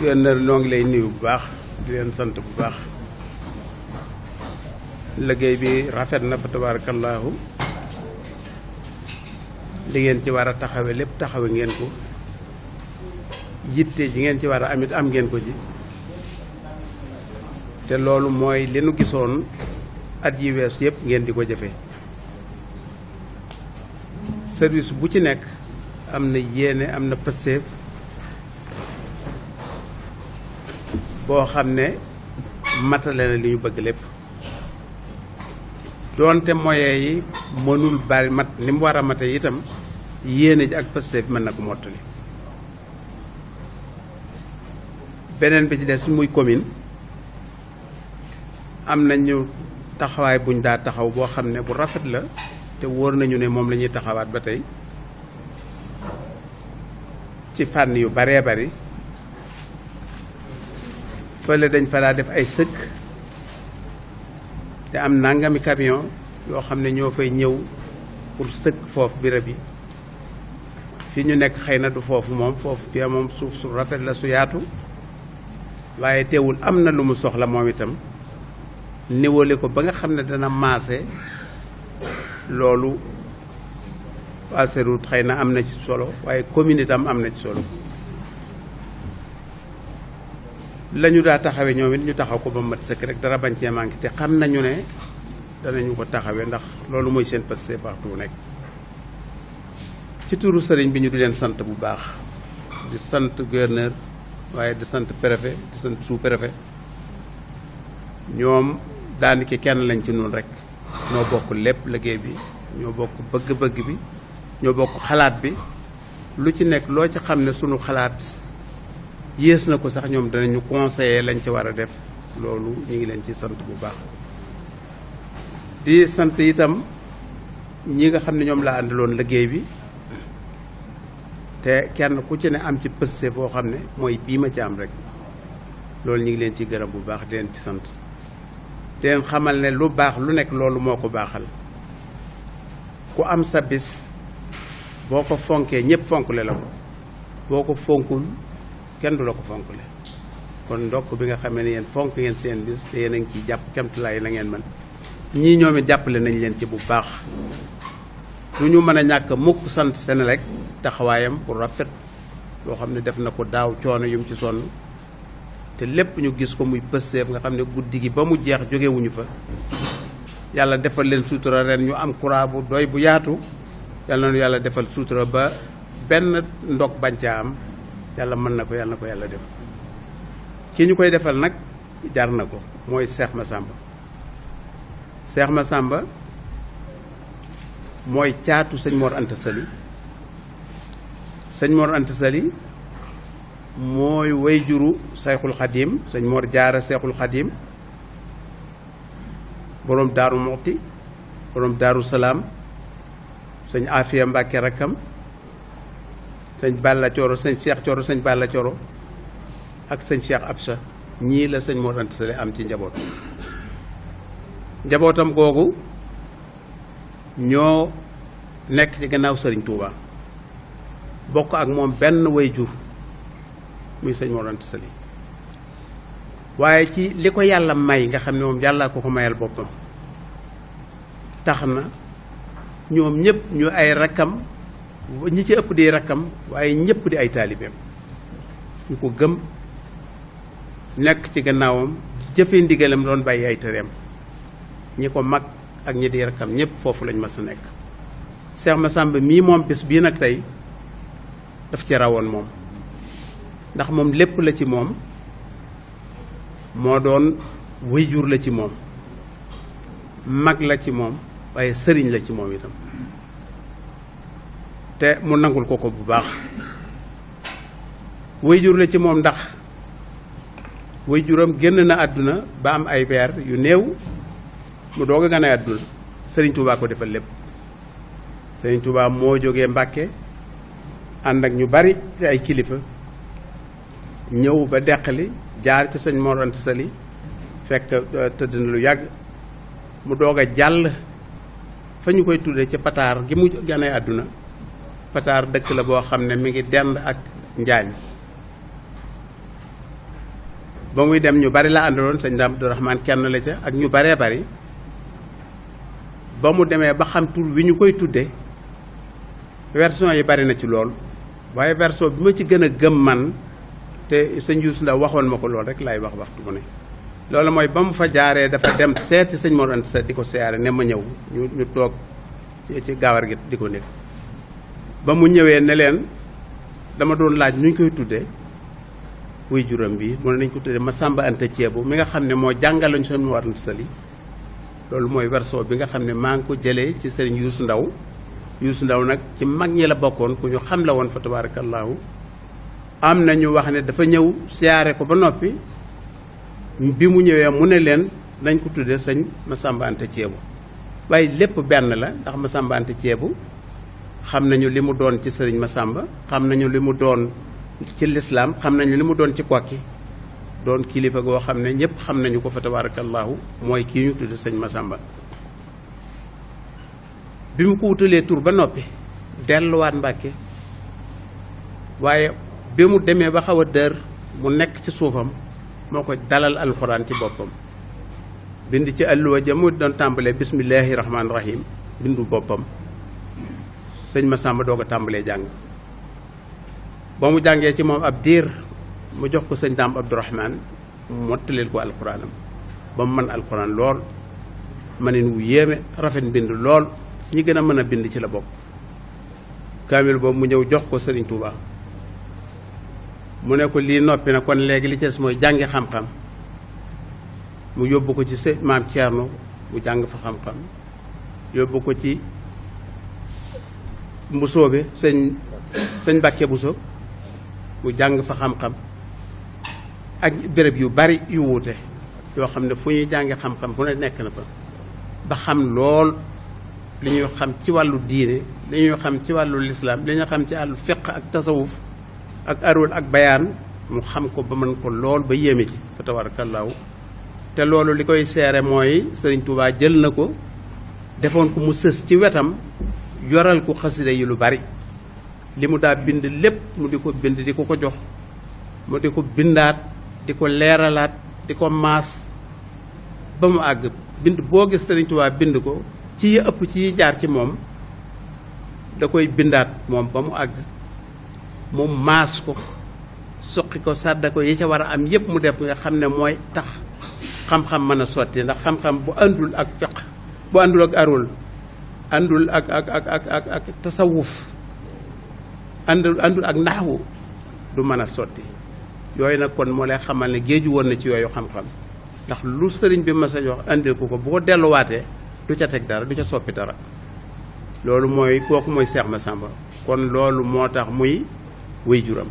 gouverneur noo ngi lay nuyu bu baax di leen sant bu baax liggéey bi rafet na fa tabaarakallaahu li ngeen ci war a taxawe lépp taxawe ngeen ko yitte ji ngeen ci war a amit am ngeen ko ji te loolu mooy li gisoon at yi wees yëpp ngeen di ko jëfe service bu ci nekk am na yéene am na pësteef boo xam ne matale na li ñu bëgg lépp doonte moyens yi mënul bari mat ni mu war a mate itam yéene ji ak pasteef mën na ko mottali beneen bi ci des muy commune am nañu taxawaay buñ daa taxaw boo xam ne bu rafet la te wóor nañu ne moom lañuy taxawaat ba tey ci fànn yu bareebari fële dañ fa daa def ay sëkk te am nangami camion yoo xam ne ñoo fay ñëw pour sëkk foofu béréb yi fii ñu nekk xëy na du foofu moom foofu fii moom suuf su rafet la su yaatu waaye teewul am na lu mu soxla moom itam niwale ko ba nga xam ne dana maase loolu waa Seroute xëy na am na ci solo waaye commune itam am na ci solo la ñu daa taxawee ñoom it ñu taxaw ko ba mat sëkk rek dara bañ cee manqué te xam nañu ne danañu ko taxawee ndax loolu mooy seen passé partout nekk ci turu sëriñ bi ñu du leen sant bu baax di sant gouverneur waaye di sant préfet di sant sous préfet ñoom daanaka kenn lañ ci noonu rek ñoo bokk lépp liggéey bi ñoo bokk bëgg-bëgg bi ñoo bokk xalaat bi lu ci nekk loo ci xam ne suñu xalaat yées na ko sax ñoom danañu conseiller lañ ci war a def loolu ñu ngi leen ci sant bu baax di sant itam ñi nga xam ne ñoom laa àndaloon liggéey bi te kenn ku ci ne am ci pëste foo xam ne mooy bii ma ci am rek loolu ñu ngi leen ci gërëm bu baax di leen ci sant di leen xamal ne lu baax lu nekk loolu moo ko baaxal ku am sabis boo ko fonkee ñëpp fonkle la ko boo ko fonkul kenn du la ko fonkle kon ndokk bi nga xamee ne yéen fonk ngeen seen bis te yéen a ngi ciy jàpp kemtulaay la ngeen man ñii ñoom jàppale nañ leen ci bu baax lu ñu mën a ñàkk mukk sant Senelec taxawaayam pour rafet loo xam ne def na ko daaw coono yum ci sonn te lépp ñu gis ko muy pësteef nga xam ne guddi gi ba mu jeex jógewuñu fa yàlla defal leen suutura ren ñu am courant bu doy bu yaatu yàlla na yàlla defal suutura ba benn ndog bañ ca am yàlla mën na ko yàlla na ko yàlla def ki ñu koy defal nag jaar na ko mooy Seex Masàmba Seex sàmba mooy caatu sëñ Mor Anta Sali sëñ Mor Anta Sali mooy way juru Seexul Xadiim sëñ Mor Jaara Seexul Xadiim boroom Daaru Muxti boroom Daaru Salaam sëñ Afiya Mbàkke rakkam sëñ Balla Coro sañ Cheikh Coro sëñ Balla Coro ak sëñ ab sa ñii la sëñ Mor Anta am ci njaboot njabootam googu ñoo nekk ci gannaaw sëriñ Touba bokk ak moom benn way jur muy sëñ Mor Anta waaye ci li ko yàlla may nga xam ne moom yàllaa ko ko mayal boppam tax na ñoom ñëpp ñu ay rakkam ñi ci ëpp di rakkam waaye ñëpp di ay taalibeem ñu ko gëm nekk ci gannaawam jëfee ndigalam doon bàyyi ay tereem ñi ko mag ak ñi di rakkam ñëpp foofu lañ mas a nekk Seex Masàmba mii moom bis bii nag tey daf ci rawoon moom ndax moom lépp la ci moom moo doon jur la ci moom mag la ci moom waaye sëriñ la ci moom itam te mu nangul ko ko bu baax jur la ci moom ndax wayjuram génn na àdduna ba am ay weer yu néew mu doog a gane àdduna sëriñ Touba ko defal lépp sëriñ Touba moo jóge Mbàkke ànd ak ñu bari ay kilifa ñëw ba deqali jaar ci sëñ Mor Anta Sali fekk euh, tëdd na lu yàgg mu doog jàll fa ñu koy tuddee ci pataar gi mu gane àdduna pataar dëkk la boo xam ne mi ngi dend ak njaañ ba muy dem ñu bari la àndaloon sëñ Daam Abdourahmaan kenn la ci ak ñu baree bari ba mu demee ba xam tur wi ñu koy tudde version yi bari na ci lool waaye version bi ma ci gën a gëm man te sëñ Yuusu Ndaw waxoon ma ko lool rek laay wax waxtu mu ne loolu mooy ba mu fa jaaree dafa dem seet sëñ Mor Anta Sali di ko siyaare ne ma ñëw ñu ñu toog ci gaawar gi di ko nekk ba mu ñëwee ne leen dama doon laaj nu koy tuddee wuy juróom bi mu ne nañ ko tuddee Masamba Anta Ceebu mi nga xam ne moo jàngalañ seen mu war na sali loolu mooy version bi nga xam ne maa ngi ko jëlee ci sëriñ Yuusu Ndaw Yuusu Ndaw nag ci mag ñi la bokkoon ku ñu xam la woon fa tabaarakallaahu am na ñu wax ne dafa ñëw siyaare ko ba noppi bi mu ñëwee mu ne leen nañ ko tuddee sëñ Masamba Anta Ceebu waaye lépp benn la ndax Masamba Anta Ceebu xam nañu li mu doon ci sëriñ Massamba xam nañu li mu doon ci lislaam xam nañu li mu doon ci kokki doon kilifa goo xam ne ñëpp xam nañu ko fa tabaarakallaahu mooy kii ñu tudd sëñ Massamba bi mu ko wutalee tur ba noppi delluwaat Mbàkke waaye bi mu demee ba xaw a dër mu nekk ci suufam moo ko dalal alxuraan ci boppam bind ci alluwa ja mu doon tàmbalee bismillaahi rahmaani rahiim bindu boppam sëñ ma Masamba doog a tàmbalee jàng ba mu jàngee ci moom ab diir mu jox ko sëñ Daam Abdourahman mottaleel ko alxuraanam ba mu mën alxuraan lool manin wu yéeme rafet mbind lool ñi gën a mën a bind ci la bokk kaamil boobu mu ñëw jox ko sëriñ Touba mu ne ko lii noppi na kon léegi li ci des mooy jàngi xam-xam mu yóbbu ko ci sëñ maam Thierno mu jàng fa xam-xam yóbbu ko ci mu soobe sëñ sëñ Mbàkke Buso mu jàng fa xam-xam ak béréb yu bari yu wuute yoo xam ne fu ñuy jànge xam-xam fu ne nekk na fa ba xam lool li ñuy xam ci wàllu diine li ñuy xam ci wàllu lislaam li ñuy xam ci àll fiq ak tasawuf ak arul ak bayaan mu xam ko ba mën ko lool ba yéeme ci fa tabarakallaahu te loolu li koy seere mooy Sëriñ Tuubaa jël na ko defoon ko mu sës ci wetam yoral ko xasida yi lu bari li mu daa bind lépp mu di ko bind di ko ko jox mu di ko bindaat di ko leeralaat di ko maas ba mu àgg bind boo gis Sëriñ Tuubaa bind ko ci ëpp ci yi jaar ci moom da koy bindaat moom ba mu àgg mu maas ko suqi ko sàdda ko yi ca war a am yépp mu def nga xam ne mooy tax xam-xam mën a sotti ndax xam-xam bu àndul ak fiq bu àndul ak arul àndul ak ak ak ak ak tasawuf àndul àndul ak naxwu du mën a sotti yooyu nag kon moo lay xamal ne géeju woon na ci yooyu xam-xam ndax lu sëriñ bi mas a wax andil ko ko bu delluwaatee du ca teg dara du ca soppi dara loolu mooy kooku mooy Seex sàmba kon loolu moo tax muy wéy juram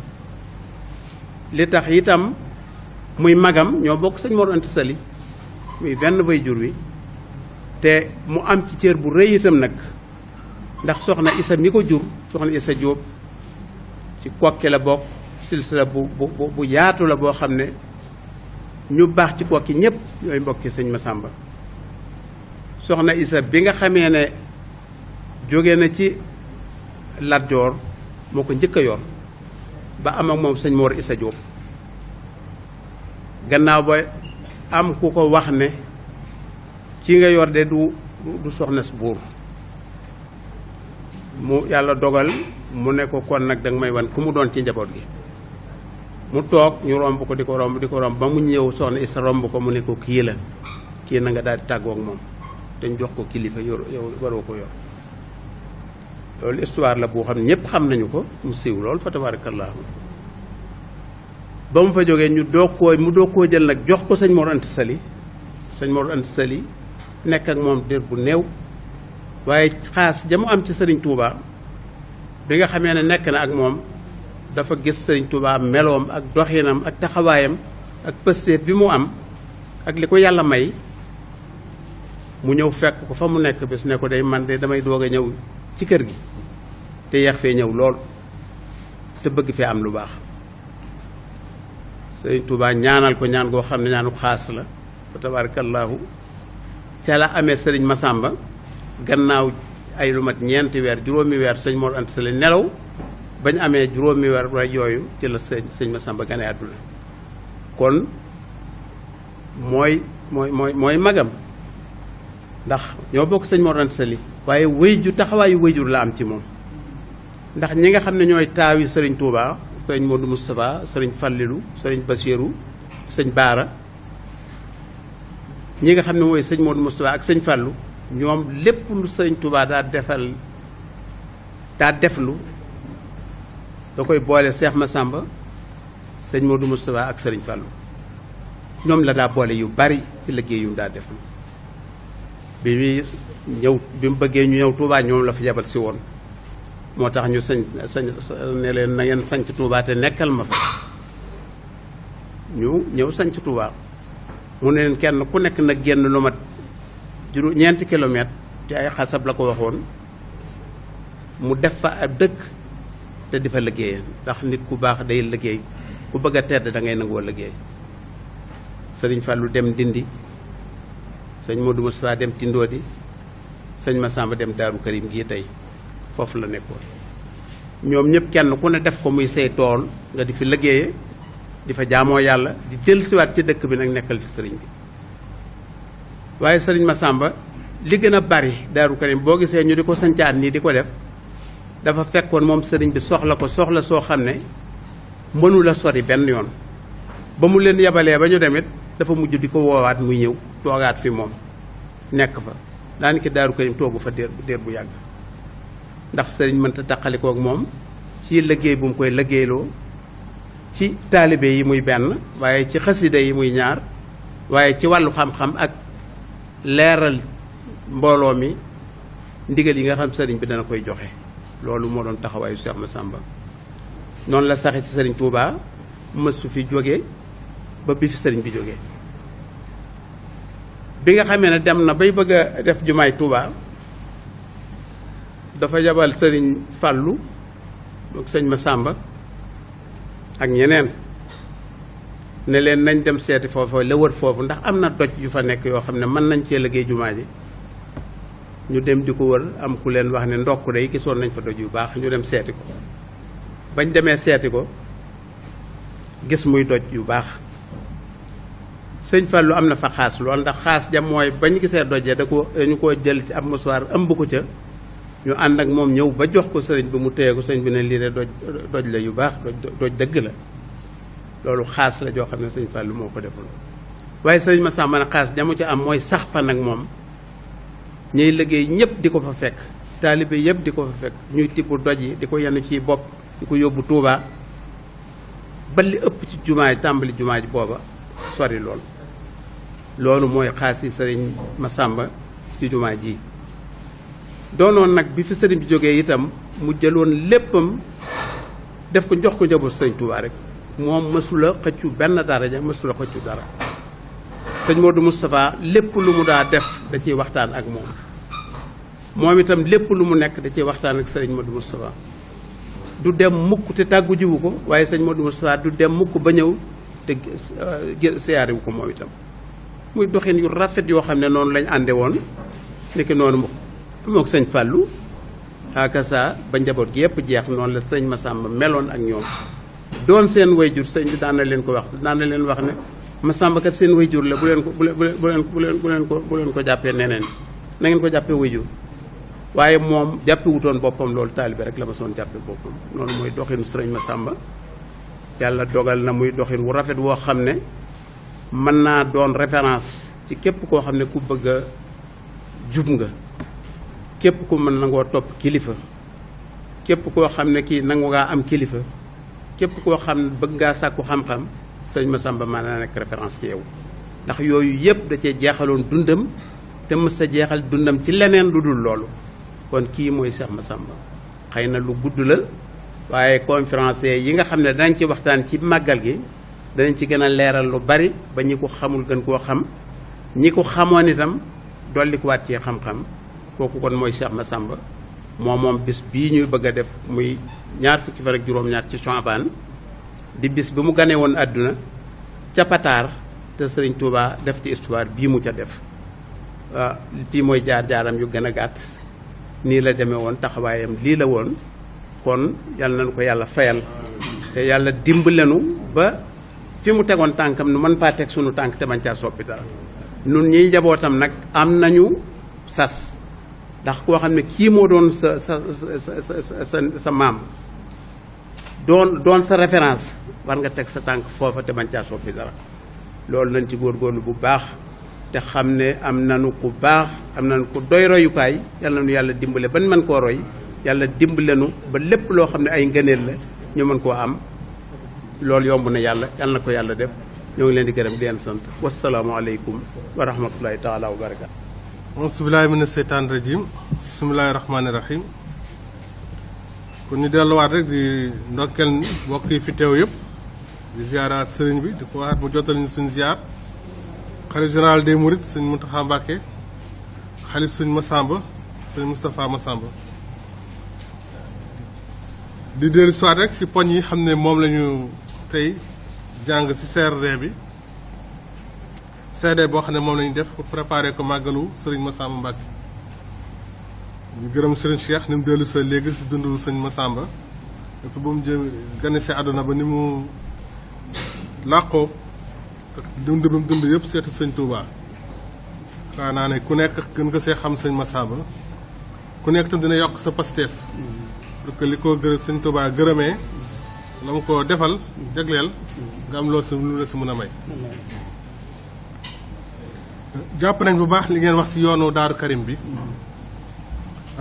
li tax itam muy magam ñoo bokk sëñ Mor Anta Sali muy benn wéy jur wi te mu am ci cër bu rëy itam nag ndax soxna isa mi ko jur soxna isa Jóob ci kokki la bokk silsila bu bu bu yaatu la boo xam ne ñu baax ci kokki ñëpp ñooy mbokki sëñ sàmba soxna isa bi nga xamee ne jóge na ci Lat moo ko njëkk yoon ba am ak moom sëñ Mor Isa Jóob gannaaw ba am ku ko wax ne ki nga yor de du du soxnas buur mu yàlla dogal mu ne ko kon nag danga may wan ku mu doon ci njaboot gi mu toog ñu romb ko di ko romb di ko romb ba mu ñëw soxna sa romb ko mu ne ko kii la kii na nga daal di tàggoog moom dañ jox ko kilifa yor yow waroo ko yor loolu histoire la boo xam ne ñëpp xam nañu ko mu siiw loolu fa tabaarakallaahu ba mu fa jógee ñu doog koo mu doog koo jël nag jox ko sañ Mor Anta Sali sëñ Mor Anta Sali nekk ak moom diir bu néew waaye xaas ja mu am ci sëriñ Touba bi nga xamee ne nekk na ak moom dafa gis sëriñ Touba meloom ak doxinam ak taxawaayam ak pësteef bi mu am ak li ko yàlla may mu ñëw fekk ko fa mu nekk bis ne ko day man de damay doog a ñëw ci kër gi te yeex fee ñëw lool te bëgg fee am lu baax sëriñ Touba ñaanal ko ñaan goo xam ne ñaanu xaas la fa ca la amee sëriñ Masamba gannaaw ay lu mat ñeenti weer juróomi weer sëñ Mor Anta nelaw bañ amee juróomi weer way yooyu ci la sëñ sëñ Masamba gane àdduna kon mooy mooy mooy magam ndax ñoo bokk sëñ Mor Anta waaye waaye wéyju taxawaayu wéyjur la am ci moom ndax ñi nga xam ne ñooy taawi sëriñ Touba sëriñ Modou Moustapha sëriñ Fallilou sëriñ Bassirou sëñ Baara ñi nga xam ne mooy sëñ Modou Moustapha ak sëñ Fallou ñoom lépp lu sëñ Touba daa defal daa lu da koy boole Seex sàmba sëñ Modou Moustapha ak sëriñ Fallou ñoom la daa boole yu bari ci liggéey yu daa deflu bi muy ñëw bi mu bëggee ñu ñëw Touba ñoom la fa yebal si woon moo tax ñu sëñ sëñ ne leen na ngeen sañc Touba te nekkal ma fa ñu ñëw sañc tuubaa mu ne kenn ku nekk nag génn lu mat juróom ñeenti kilomètre ci ay xasab la ko waxoon mu def fa ab dëkk te di fa liggéey ndax nit ku baax day liggéey ku bëgg a tedd dangay ngay nangoo liggéey sëriñ Fallou dem Ndindi sëñ Modou Moustapha dem Tindoodi sëñ Massamba dem Daaru Karim gii tey foofu la nekkoon ñoom ñëpp kenn ku ne def ko muy say tool nga di fi liggéeye di fa jaamoo yàlla di siwaat ci dëkk bi nag nekkal fi sëriñ bi waaye sëriñ ma sàmba li gën a bari Daaru Karim boo gisee ñu di ko sancaat nii di ko def dafa fekkoon moom sëriñ bi soxla ko soxla soo xam ne mënu la sori benn yoon ba mu leen yebalee ba ñu demit dafa mujj di ko woowaat muy ñëw toogaat fi moom nekk fa daanaka Daaru Karim toogu fa déer déer bu yàgg ndax sëriñ mënta taqalikoo ak moom ci liggéey bu mu koy liggéeyloo ci taalibe yi muy benn waaye ci xasida yi muy ñaar waaye ci wàllu xam-xam ak leeral mbooloo mi ndigal yi nga xam sëriñ bi dana koy joxe loolu moo doon taxawaayu Cheikh sàmba noonu la saxe ci sëriñ Touba mësu fi jóge ba bi fi sëriñ bi jógee bi nga xamee ne dem na bay bëgg a def jumaay Touba dafa yabal sëriñ Fàllu ak ma sàmba ak ñeneen ne leen nañ dem seeti foofu la wër foofu ndax am na doj yu fa nekk yoo xam ne mën nañ cee liggéey jumaa ji ñu dem di ko wër am ku leen wax ne ndokk day gisoon nañ fa doj yu baax ñu dem seeti ko bañ demee seeti ko gis muy doj yu baax sëñ Fallou am na fa xaas lool ndax xaas ja mooy bañ gisee doj ya da ko dañu koo jël ci ab mosuwaar ëmb ko ca ñu ànd ak moom ñëw ba jox ko sëriñ bi mu téye ko sëriñ bi ne lii doj doj la yu baax doj doj dëgg la loolu xaas la joo xam ne sëriñ Fallou moo ko defal waaye sëriñ Massamba ne xaas jamu ca am mooy sax fa nag moom ñuy liggéey ñëpp di ko fekk taalibe yëpp di ko fa fekk ñuy doj yi di ko yenu ci bopp di ko yóbbu Touba ba li ëpp ci jumaa ji tàmbali jumaa ji booba sori lool loolu mooy xaas yi sëriñ Massamba ci jumaa ji doonoon nag bi fi sëriñ bi jógee itam mu jëloon léppam def ko jox ko njaboot sëriñ Touba rek moom mësula xëccu benn daraja mësula xëccu dara sëñ Modou Moustapha lépp lu mu daa def da ciy waxtaan ak moom moom itam lépp lu mu nekk da ciy waxtaan ak sëriñ Modou Moustapha du dem mukk te tàggu jiwu ko waaye sëñ Modou Moustapha du dem mukk ba ñëw te siyaariwu ko moom itam muy doxin yu rafet yoo xam ne noonu lañ ànde woon nekk noonu mukk mook sëñ Fallou akasa ba njaboot gi yëpp jeex noonu la sëñ ma sàmba meloon ak ñoom doon seen jur sëñ bi daan na leen ko wax daan leen wax ne ma Massamba kat seen jur la bu leen ko bu leen bu leen bu leen bu ko bu ko jàppee neneen nangeen ko jàppee way wayjur waaye moom jàppe boppam loolu taalibe rek la ma soon jàppe boppam noonu mooy doxinu sëñ Massamba yàlla dogal na muy doxin wu rafet woo xam ne mën naa doon référence ci képp koo xam ne ku bëgg jub nga képp ko mën nangoo topp kilifa képp koo xam ne kii nangu ngaa am kilifa képp koo xam ne bëgg ngaa sàkku xam-xam sëñ Massamba maa na nekk référence ci ndax yooyu yëpp da cee jeexaloon dundam te mës sa jeexal dundam ci leneen lu dul loolu kon kii mooy ma Massamba xëy na lu gudd la waaye conférencier yi nga xam ne danañ ci waxtaan ci màggal gi danañ ci gën a leeral lu bari ba ñi ko xamul gën koo xam ñi ko xamoon itam dolli ko waat ci xam-xam kooku kon mooy Cheikh Massamba moo moom bis bii ñuy bëgg a def muy ñaar fukki fan ak juróom-ñaar ci Chaabaan di bis bi mu ganee woon àdduna ca Pataar te Sëriñ Tuubaa def ci histoire bii mu ca def waaw ah, fii mooy jaar-jaaram yu gën a gàtt nii la demee woon taxawaayam lii la woon kon yal nañu ko yàlla fayal te yàlla dimbalenu ba fi mu tegoon tànkam nu man faa teg sunu tànk te bañ caa soppi dara nun ñiy njabootam nag am nañu sas ndax koo xam ne kii moo doon sa sa sa sa maam doon doon sa référence war nga teg sa tànk foofa te bañ caa dara loolu nañ ci góorgóorlu bu baax te xam ne am nanu ku baax am na nanu ku doy royukaay yàlla nu yàlla dimbale ban mën koo roy yàlla dimbale nu ba lépp loo xam ne ay ngëneel la ñu mën koo am loolu yomb na yàlla yàlla na ko yàlla def ñoo ngi leen di gërëm di leen sant wasalaamualeykum wa rahmatullahi taala wa barakaatu bismillahi mina seytaan rajim bismillahi rahmaani rahim kon ñu delluwaat rek di ndokkeel mbokk yi fi teew yëpp di ziaraat sëriñ bi di ko waxaat mu jotal ñu suñ ziar xalif général des mourides sëñ Mountakha Mbacké xalif sëñ Massamba sëñ Moustapha Massamba di dellusiwaat rek si poñ yi xam ne moom lañu tey jàng si CRD bi CD boo xam ne moom lañu def pour préparer ko màggalu Serigne Massamba Mbacke ñu gërëm sëriñ Cheikh ni mu dellu léegi si dundu sëñ Massamba et ba mu jëm gane si àdduna ba ni mu làqoo ak bi mu dund yëpp seetu sëñ Touba xanaa naa ne ku nekk gën ko see xam sëñ Massamba ku nekk tam dina yokk sa pasteef pour li ko gërë sëñ Touba gërëmee la mu ko defal jagleel nga am loo si lu mën a may jàpp nañ bu baax li ngeen wax ci yoonu Daaru Karim bi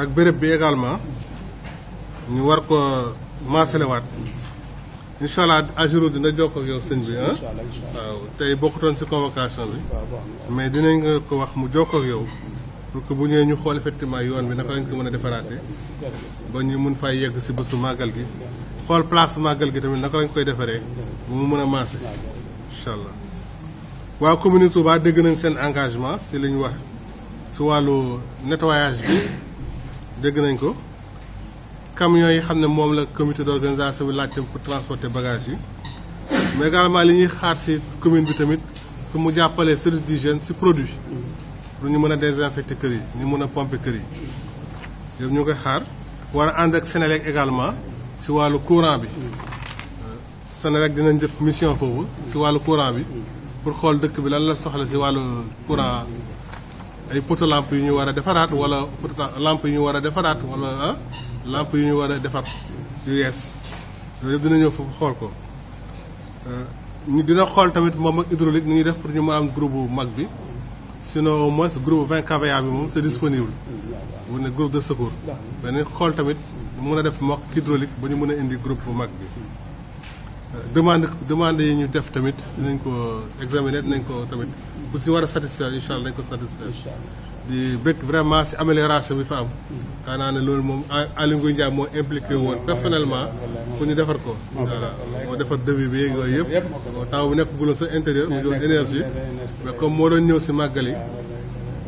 ak béréb bi également ñu war ko maasalewaat incha allah ajuru dina jokkoo ak yow sëñ bi ah waaw tey bokkutoon ci convocation bi mais dinañ nga ko wax mu jokkoo yow pour que bu ñëwee ñu xool effectivement yoon bi naka lañ ko mën a defaraate ba ñu mun fay yegg ci bésu màggal gi xool place màggal gi tamit naka lañ koy defaree bu mu mën a maase incha waa commune Touba dégg nañ seen engagement si li ñu wax si wàllu nettoyage bi dégg nañ ko camions yi xam ne moom la comité d' organisation bi laajte pour transporter bagages yi mais également li ñuy xaar si commune bi tamit pour mu jàppale service d'hygiène si produit lu ñu mën a désinfecter kër yi ñu mën a pomper kër yi yëpp ñu ngi koy xaar war a ànd ak Sénélec également si wàllu courant bi euh, Sénélec dinañ def mission foofu si wàllu courant bi pour xool dëkk bi lan la soxla si wàllu courant ay poto lampe yu ñu war a defaraat wala poto lampe yu ñu war a defaraat wala ah, lampe yu ñu war a defar yu yees loolu yëpp dina ñëw foofu xool ko euh, ñu dina xool tamit moom ak hydraulique ni ñuy def pour ñu mën am groupe bu mag bi sinon au moins groupe vingt kVA bi moom c'est disponible mu ne groupe de secours beneen xool tamit mu mën a def mook hydraulique ba ñu mën a indi groupe bu mag bi demande demande yi ñu def tamit nañ ko examiner nañ ko tamit bu si war a satisfaire incha allah dañ ko satisfaire di bëgg vraiment si amélioration bi fa am xanaa ne loolu moom Aly Ngouille Ndiaye moo impliqué woon personnellement pour ñu defar ko voilà moo defar devis bi yooyu yëpp temps bu nekk guloon sa intérieur mu doon énergie mais comme moo doon ñëw si màggal yi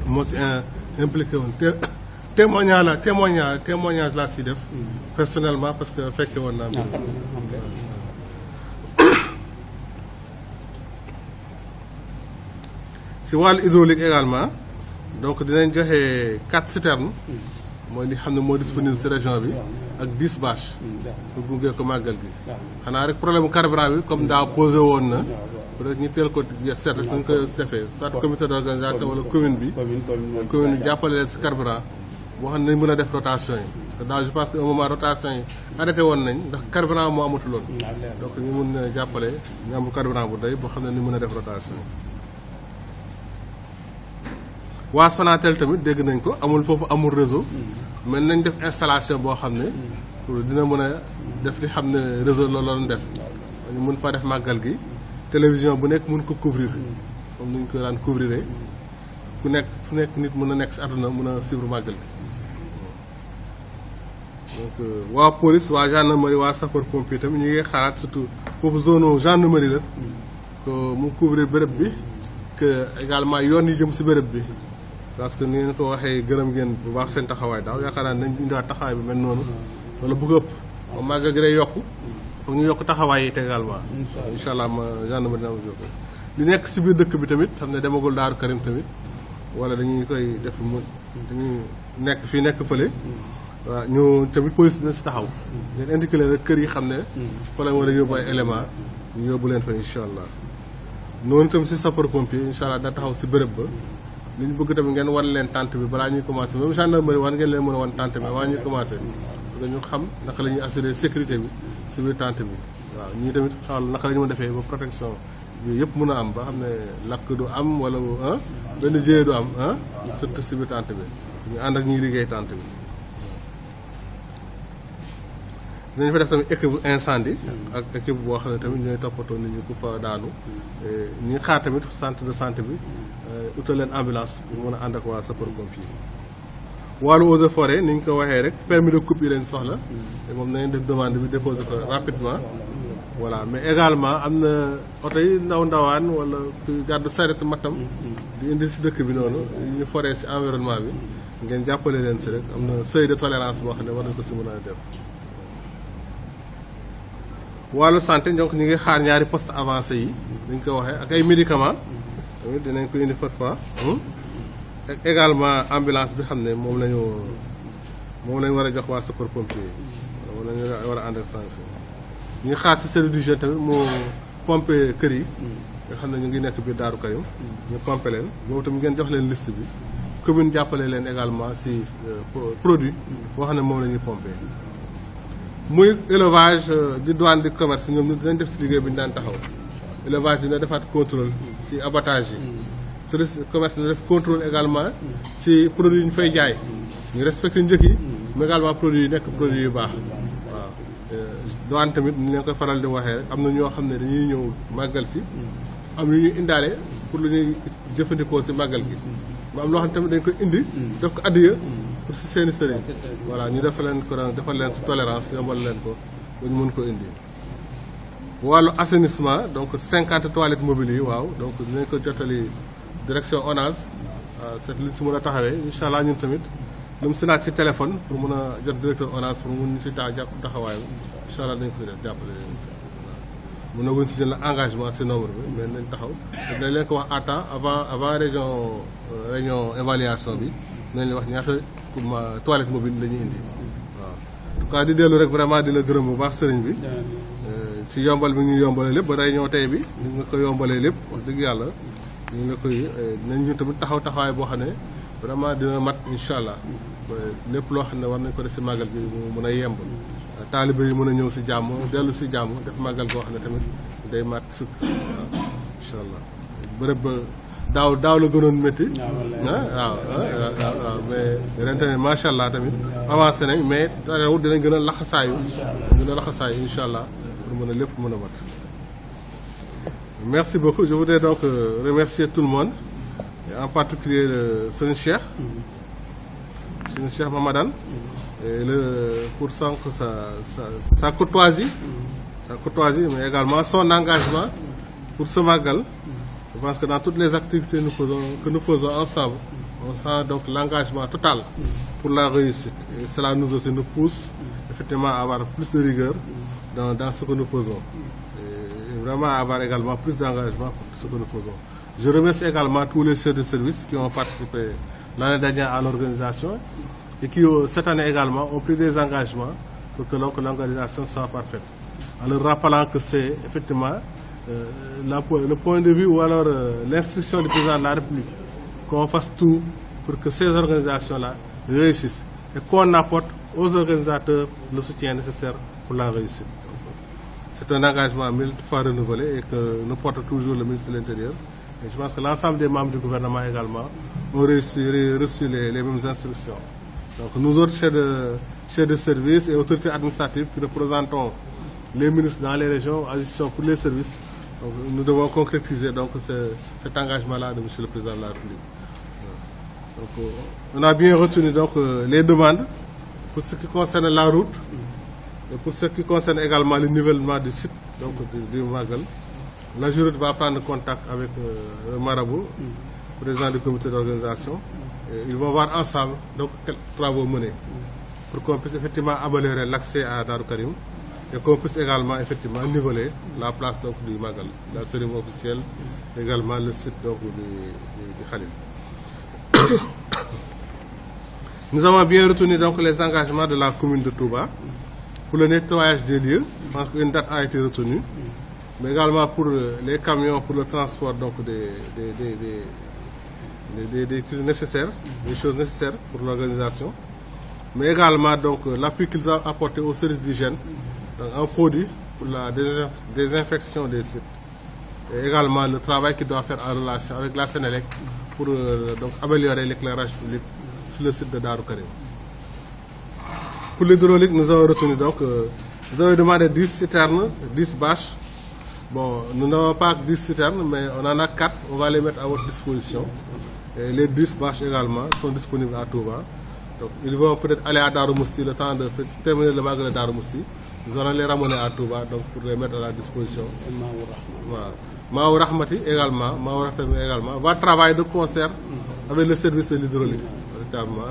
moo si euh, impliqué woon te témoignage la témoignage témoignage laa si def hmm. personnellement parce que fekke woon naa ci wàllu hydraulique également donc dinañ joxe quatre citernes mooy li xam ne moo disponible si région bi ak dix bâches pour gunge ko màggal bi xanaa rek problème carburant bi comme daaw posé woon na peut-être ñu teel ko seet rek ñu ko sefee soit d'organisation wala commune bi commune bi jàppale leen si carburant boo xam ne nañ mën a def rotation yi parce que daal je pense que un moment rotation yi arrêté woon nañ ndax carburant moo amatuloon donc ñu mun jàppale ñu am carburant bu doy xam ne ni mën a def waa Sonatel tamit dégg nañ ko amul foofu amul réseau mën nañ def installation boo xam ne dina mën a def li xam ne réseau la loolu def ñu mun fa def màggal gi télévision bu nekk mën ko couvrir comme nuñ ko daan couvrir ku nekk fu nekk nit mën a nekk si àdduna mën a suivre màggal gi euh, waa police waa gendarmerie waa sapeur pompier tamit ñu ngi xalaat surtout foofu zone gendarmerie la que mu couvrir bërëb bi que également yoon yi jëm si béréb bi parce que ni ngeen ko waxee gërëm ngeen bu baax seen taxawaay daaw yaakaar naa nañ indiwaat taxawaay bi mel noonu wala bëgg ëpp comme màggal gi day yokku ñu yokk taxawaay yi également incha allah ma gendarme dina ma jóg li nekk si biir dëkk bi tamit xam ne demagul daaru karim tamit wala dañuy koy def mu dañuy nekk fii nekk fële waaw ñu tamit police dina si taxaw ngeen indiqué leen rek kër yi xam ne fa la war a yóbbu ay élément ñu yóbbu leen fa incha allah noonu tamit si sapeur pompier incha allah taxaw si béréb ba li ñu bëgg tamit ngeen wan leen tante bi balaa ñuy commencé même gendarmerie war ngeen leen mën a wan tante bi balaa ñuy commencé nga ñu xam naka la ñuy assurer sécurité bi si biir tante bi waaw ñii tamit xaal naka la ñu defee ba protection yooyu yëpp mën a am ba xam ne lakk du am wala benn jéyee du am surtout si biir tante bi ñu ànd ak ñuy liggéey tante bi dinañ fa def tamit équipe bu incendie ak équipe boo xam ne tamit ñooy toppatoo nit ñi ku fa daanu eh, ñu ngi xaar tamit centre de santé bi eh, utal leen ambulance pour mën a ànd ak waa sapeur pompier wàllu eaux et forêt ni ñu ko waxee rek permis de coupe yi lañ soxla eh, moom nañ def demande bi déposé ko rapidement voilà mais également am na oto yi ndaw ndawaan wala kuy gàddu saret mattam di indi si dëkk bi noonu ñu foree si environnement bi ngeen jàppale leen si rek am na seuil de tolérance boo xam ne war nañ ko si mën a def wàllu santé donc ñu ngi xaar ñaari poste avancé yi dañ koy waxee ak ay médicaments tamit dinañ ko indi parfois hmm. ak également ambulance bi xam ne moom la ñu moom la war a jox waa sapeur pompier moom la war a ànd ak sànq ñu ngi xaar si service d'hygiène tamit moo pompé kër yi nga xam ne ñu ngi nekk biir Daaru Karim ñu pompé leen boobu tamit ngeen jox leen liste bi commune jàppale leen également si euh, produit boo xam ne moom la ñuy pompé muy élevage euh, di douane di commerce ñoom ñu dinañ def si liggéey bi ñu daan taxaw élevage dina defaat contrôle si abattage yi service commerce dina def également si produit yi ñu fay jaay ñu respecté njëkk yi mais également produit yi nekk produit yu baax waaw euh, douane tamit ni leen ko faral di waxee am na ñoo xam ne dañuy ñëw màggal si am yu ñu indaale pour lu ñuy jëfandikoo si màggal gi ma am loo xam tamit dañ ko indi def ko addiya si seen i sëriñ voilà ñu defal leen ko defal leen si tolérance yombal leen ko ba ñu mun ko indi. wàllu assainissement donc cinquante toilettes mobiles yi waaw donc dinañ ko jottali direction ONAS euh, seet li si mën a taxawee incha allah ñun tamit lu mu si laaj si téléphone pour mun a jot directeur ONAS pour mun si taa jàpp taxawaayam incha allah dinañ ko si jàppale leen mën na wuñ si jël engagement si nombre bi mais nañ taxaw dinañ leen ko wax à temps avant avant région euh, réunion évaluation bi nañ la wax ñaata toilette mobile la ñuy indi waaw en tout cas di dellu rek vraiment dina gërëm bu baax sëriñ bi si euh, yombal bi ñu yombalee lépp ba day ñëw tey bi ni nga ko yombalee lépp wax dëgg yàlla ñu nga la koy euh, nañ ñu tamit taxaw taxawaay boo xam ne vraiment dina mat incha allah lépp loo xam ne war nañ ko def si màggal bi mu mën a yemb euh, taalibe yi mën a ñëw si jàmm dellu si jàmm def màggal boo xam ne tamit day mat sukk waaw incha allah bërëb daaw daaw la gënoon métti. Ah, waaw waaw waaw mais ren tamit macha allah tamit avancé nañ mais terewul dinañ gën a laxasaayu. gën a laxasaayu allah pour mën a lépp mën a mat. merci beaucoup je voudrais donc euh, remercier tout le monde et en particulier le Serigne Cheikh. Mm-hmm. Serigne Cheikh Mamadan. Mm-hmm. et pour sànq sa sa sa mm-hmm. sa courtoisie mais également son engagement pour ce Magal. parce que dans toutes les activités nous faisons, que nous faisons ensemble, on sent donc l'engagement total pour la réussite. Et cela nous aussi nous pousse effectivement à avoir plus de rigueur dans, ce que nous faisons. Et, vraiment avoir également plus d'engagement pour ce que nous faisons. Je remercie également tous les chefs de service qui ont participé l'année dernière à l'organisation et qui, euh, cette année également, ont pris des engagements pour que l'organisation soit parfaite. Euh, la, le point de vue ou alors euh, l'instruction du président de la République qu'on tout pour que ces organisations-là réussissent et qu'on apporte aux organisateurs le soutien nécessaire pour la C'est un engagement mille fois renouvelé et que nous porte toujours le ministre de l'Intérieur. Et je pense que l'ensemble des membres du gouvernement également ont reçu, reçu les, les, mêmes instructions. Donc nous autres chefs de, chefs service et autorités administratives qui représentons les ministres dans les régions, les services Donc nous devons concrétiser donc ce, cet engagement-là de Monsieur le Président de la République. Donc euh, on a bien retenu donc euh, les demandes pour ce qui concerne la route et pour ce qui concerne également le nivellement du site donc du, du Magal. La jury va prendre contact avec euh, Marabout, président de comité d'organisation. Ils vont voir ensemble donc quels travaux menés pour qu'on puisse effectivement améliorer l'accès à Darou Karim. et qu'on puisse également effectivement niveler la place donc du Magal, la cérémonie officielle, également le site donc du, du, du Nous avons bien retenu donc les engagements de la commune de Touba pour le nettoyage des lieux, parce qu'une date a retenue, mais également pour euh, les camions, pour le transport donc des, des, des, des, des nécessaires, des choses nécessaires pour l'organisation, mais également donc euh, l'appui qu'ils ont apporté au service d'hygiène donc euh, un produit pour la désinfection des sites et également le travail qu'il doit faire en relation avec la Sénélec pour euh, donc améliorer l'éclairage public sur le site de Darou Karim. Pour l'hydraulique, nous avons retenu donc euh, nous avons demandé 10 citernes, 10 bâches. nous n'avons pas 10 citernes, mais on en a 4, on va les mettre à votre disposition. les 10 bâches également sont disponibles à tout va. Donc, ils vont peut-être aller à Darou Mousti le temps de terminer le magal de Darou Mousti. Nous allons les à Touba donc pour les mettre à la disposition. Voilà. Rahmati également, Maou Rahmati également va travailler de concert avec le service de l'hydraulique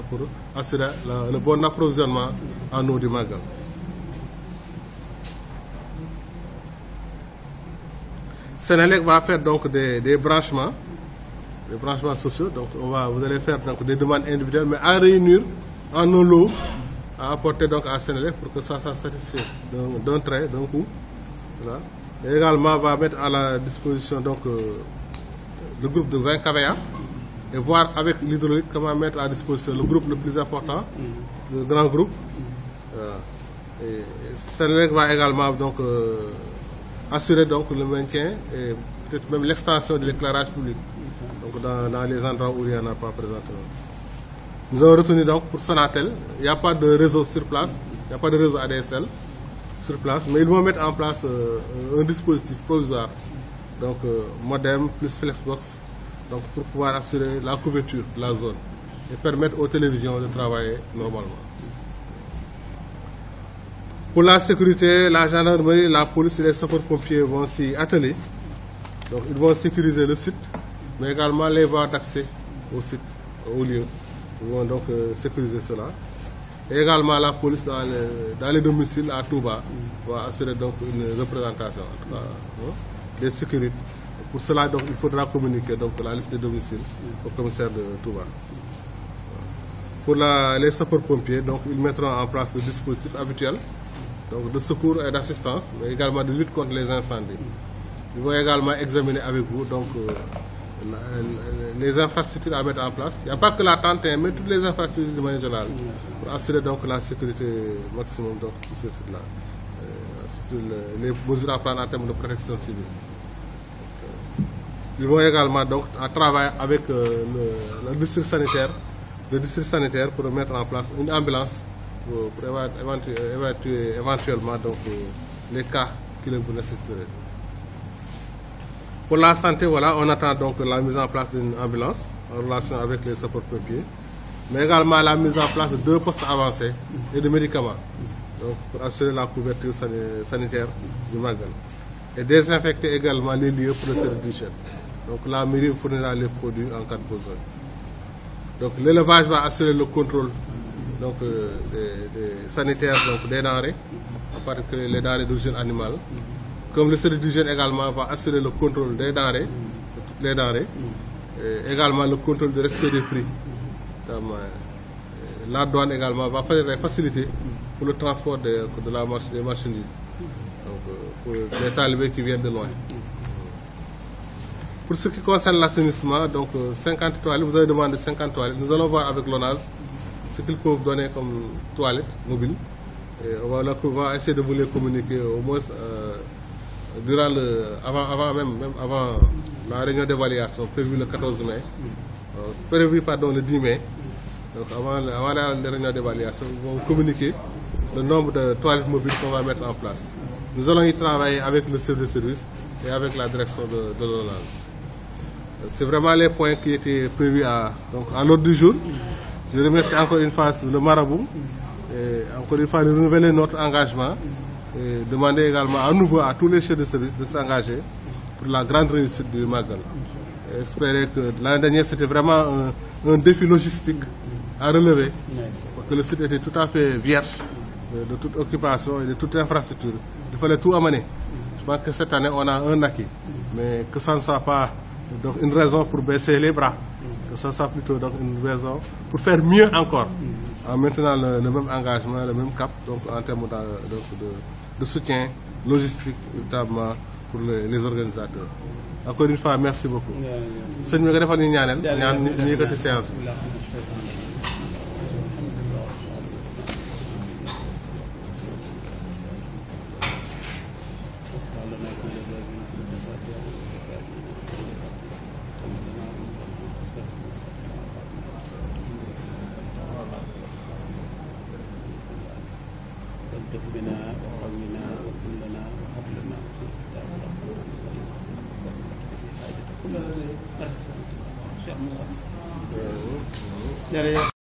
pour assurer le bon approvisionnement en eau du magal. Sénélec va faire donc des branchements les branchements sociaux. Donc, on va, vous faire donc, des demandes individuelles, mais à réunir en un lot à apporter donc à Sénélec pour que ça soit satisfait d'un trait, également, va mettre à la disposition donc, euh, le groupe de vingt KVA et voir avec l'hydraulique comment mettre à disposition le groupe le plus important, le grand groupe. Euh, et Sénélec va également donc, euh, assurer donc, le maintien et peut-être même l'extension de l'éclairage public. donc dans, dans les endroits où il Nous avons retenu donc pour Sonatel, il n'y a pas de réseau sur place, il a pas de réseau ADSL sur place, mais ils vont mettre en place euh, un dispositif provisoire, donc euh, plus flexbox, donc pour pouvoir assurer la couverture de la zone et permettre aux télévisions de travailler normalement. Pour la sécurité, la gendarmerie, la police et les sapeurs vont s'y atteler. Donc ils vont sécuriser le site mais également les voies d'accès au au lieu. Euh, donc euh, cela. également la police dans les, domiciles à Touba va assurer donc une représentation en tout cas, hein, des sécurités. Pour cela, donc, il faudra communiquer donc, la liste des domiciles au commissaire de Touba. Pour la, les sapeurs-pompiers, donc, ils mettront en place le dispositif habituel donc, de secours et d'assistance, mais également de lutte contre les incendies. Ils vont également examiner avec vous donc, euh, les infrastructures à mettre en place. Il a pas que la tente, mais toutes les infrastructures de manière générale pour assurer donc la sécurité maximum donc, sur ce site-là. Euh, surtout le, les mesures à prendre en termes de protection civile. Donc, ils vont également donc à travailler avec euh, le, le, district sanitaire, le district sanitaire pour mettre en place une ambulance pour, pour euh, éventuellement donc les cas qui le nécessiteraient. Pour la santé, voilà, on attend donc la mise en place d'une ambulance en relation avec les sapeurs-pompiers, mais également la mise en place de deux postes avancés et de médicaments donc pour assurer la couverture sanitaire du Magal. Et désinfecter également les lieux pour le service d'hygiène. Donc la mairie fournira les produits en cas de besoin. Donc l'élevage va assurer le contrôle donc euh, des, des sanitaires donc des denrées, en particulier les denrées d'origine comme le service d'hygiène également va assurer le contrôle des denrées, également le contrôle du respect des prix. Donc, euh, la douane également va faire pour le transport de, la marche, des marchandises, euh, qui viennent de loin. Pour ce qui donc 50 euh, toilettes, vous avez demandé 50 toilettes. Nous allons avec l'ONAS ce qu'ils peuvent donner comme toilettes mobiles. Et on va, on va de vous les communiquer au moins. durant le avant avant même avant la réunion d'évaluation prévue le 14 mai euh, prévue pardon le 10 mai donc avant avant la réunion d'évaluation ils vont communiquer le nombre de toilettes mobiles qu'on va mettre en place nous allons y travailler avec le chef de service et avec la direction de de c'est vraiment les points qui étaient prévus à donc à l'ordre du jour je remercie encore une fois le marabout et encore une fois de renouveler notre engagement Et demander également à nouveau à tous les chefs de service de s'engager pour la grande réussite du Magal. Espérer que l'année c'était vraiment un, un, défi logistique à relever, parce que le site était tout à fait vierge de, de toute occupation et de toute infrastructure. Il fallait tout amener. que cette année, on a un acquis, mais que ça ne pas donc, une raison pour baisser les bras, que ça soit plutôt donc, une raison pour faire mieux encore, en maintenant engagement, le même cap, de soutien logistique notamment pour les, les organisateurs encore une fois merci beaucoup sëñ bi nga defal ñu ñaanal ñaan ñu yëkkati séance bi